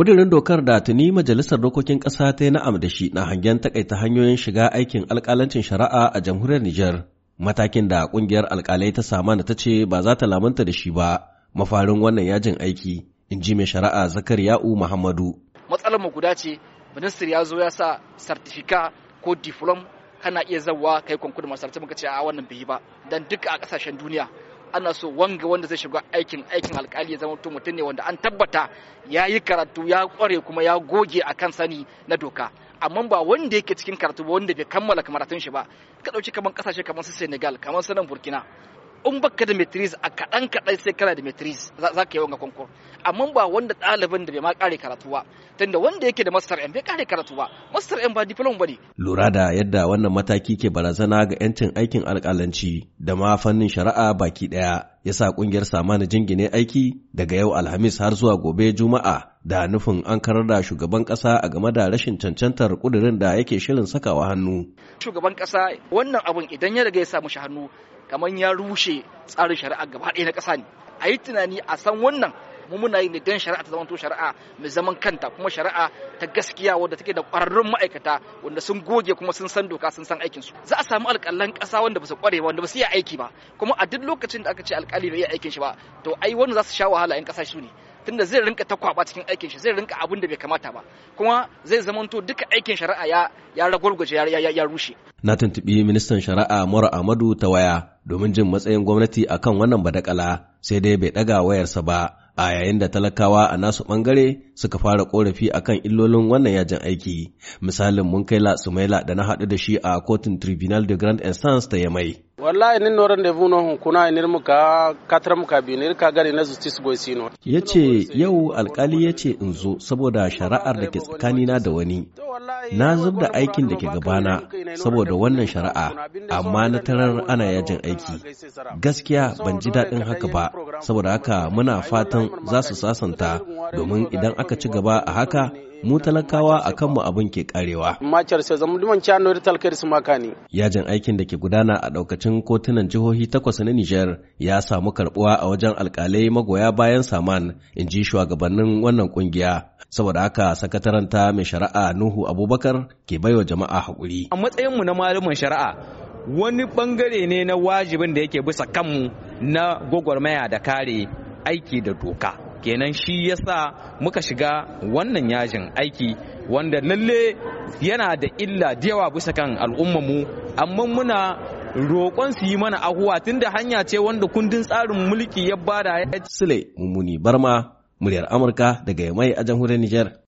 Ƙudurin dokar da tuni Majalisar Dokokin Ƙasa ta yi na'am da shi na hangen takaita hanyoyin shiga aikin alƙalancin shari'a a jamhuriyar Nijar, matakin da ƙungiyar alƙalai ta samana ta ce ba za ta lamunta da shi ba, mafarin wannan yajin aiki, in ji mai shari'a Zakariya'u Muhammadu. Matsalar mu guda ce, ministir ya zo ya sa sartifika ko diflom kana iya zawa kai da masu muka ce a wannan bai ba, dan duka a ƙasashen duniya ana so wanga wanda zai shiga aikin aikin alkali ya zama mutum ne wanda an tabbata ya yi karatu ya kware kuma ya goge a kan sani na doka amma ba wanda yake cikin karatu ba wanda bai kammala maratun shi ba ka dauki kaman kasashe kamar su Senegal kamar su nan Burkina in baka da metris a kaɗan kaɗan sai kana da matriz za ka yi wanga konkur amma ba wanda ɗalibin da bai ma ƙare karatu ba tunda wanda yake da master m bai ƙare karatu ba master m ba diploma ba ne. lura da yadda wannan mataki ke barazana ga 'yancin aikin alƙalanci da ma fannin shari'a baki ɗaya ya sa ƙungiyar samani jingine aiki daga yau alhamis har zuwa gobe juma'a da nufin an karar da shugaban ƙasa a game da rashin cancantar ƙudurin da yake shirin sakawa hannu. shugaban ƙasa wannan abun idan ya riga ya sa mushi hannu kamar ya rushe tsarin shari'a gaba ɗaya na ƙasa ne a yi tunani a san wannan mu muna yi ne don shari'a ta zamanto shari'a mai zaman kanta kuma shari'a ta gaskiya wadda take da ƙwararrun ma'aikata wanda sun goge kuma sun san doka sun san aikin su za a samu alƙalan ƙasa wanda ba su ƙware wanda ba su yi aiki ba kuma a duk lokacin da aka ce alƙali bai yi aikin shi ba to ai wanda za su sha wahala 'yan ƙasa su ne tunda zai rinka kwaba cikin aikin shi zai rinka abin da bai kamata ba kuma zai zama zamanto duka aikin shari'a ya ya ragwargwaje ya, ya, rushe na tuntubi ministan shari'a Mura Ahmadu ta waya domin jin matsayin gwamnati akan wannan badakala sai dai bai daga wayarsa ba a yayin da talakawa a nasu ɓangare suka fara ƙorafi kan illolin wannan yajin aiki misalin mun la sumaila da na haɗu da shi a kotun tribunal de grand instance ta yamai wallahi nin no rendezvous no hunkuna inir muka katar muka bi ne ka gani na justice go sino yace yau alkali yace in zo saboda shari'ar da ke tsakanina da wani na zub da aikin da ke gabana saboda wannan shari'a amma na tarar ana yajin aiki gaskiya ban ji daɗin haka ba saboda haka muna fatan za su sasanta domin idan aka ci gaba a haka mu talakawa a kanmu abin ke karewa. Yajin aikin da ke gudana a ɗaukacin kotunan jihohi takwas na Nijar ya samu karbuwa a wajen alkalai magoya bayan saman in ji shugabannin wannan kungiya. Saboda haka sakataranta mai shari'a Nuhu Abubakar ke baiwa jama'a haƙuri. A matsayinmu na malaman shari'a wani bangare ne na wajibin da yake bisa kanmu na gwagwarmaya da kare aiki da doka kenan shi yasa muka shiga wannan yajin aiki wanda lalle yana da illa da yawa bisa kan al'ummarmu amma muna roƙon su yi mana ahuwa tunda hanya ce wanda kundin tsarin mulki ya bada ya sule mummuni barma muryar amurka daga yamai a jamhuriyar Nijar.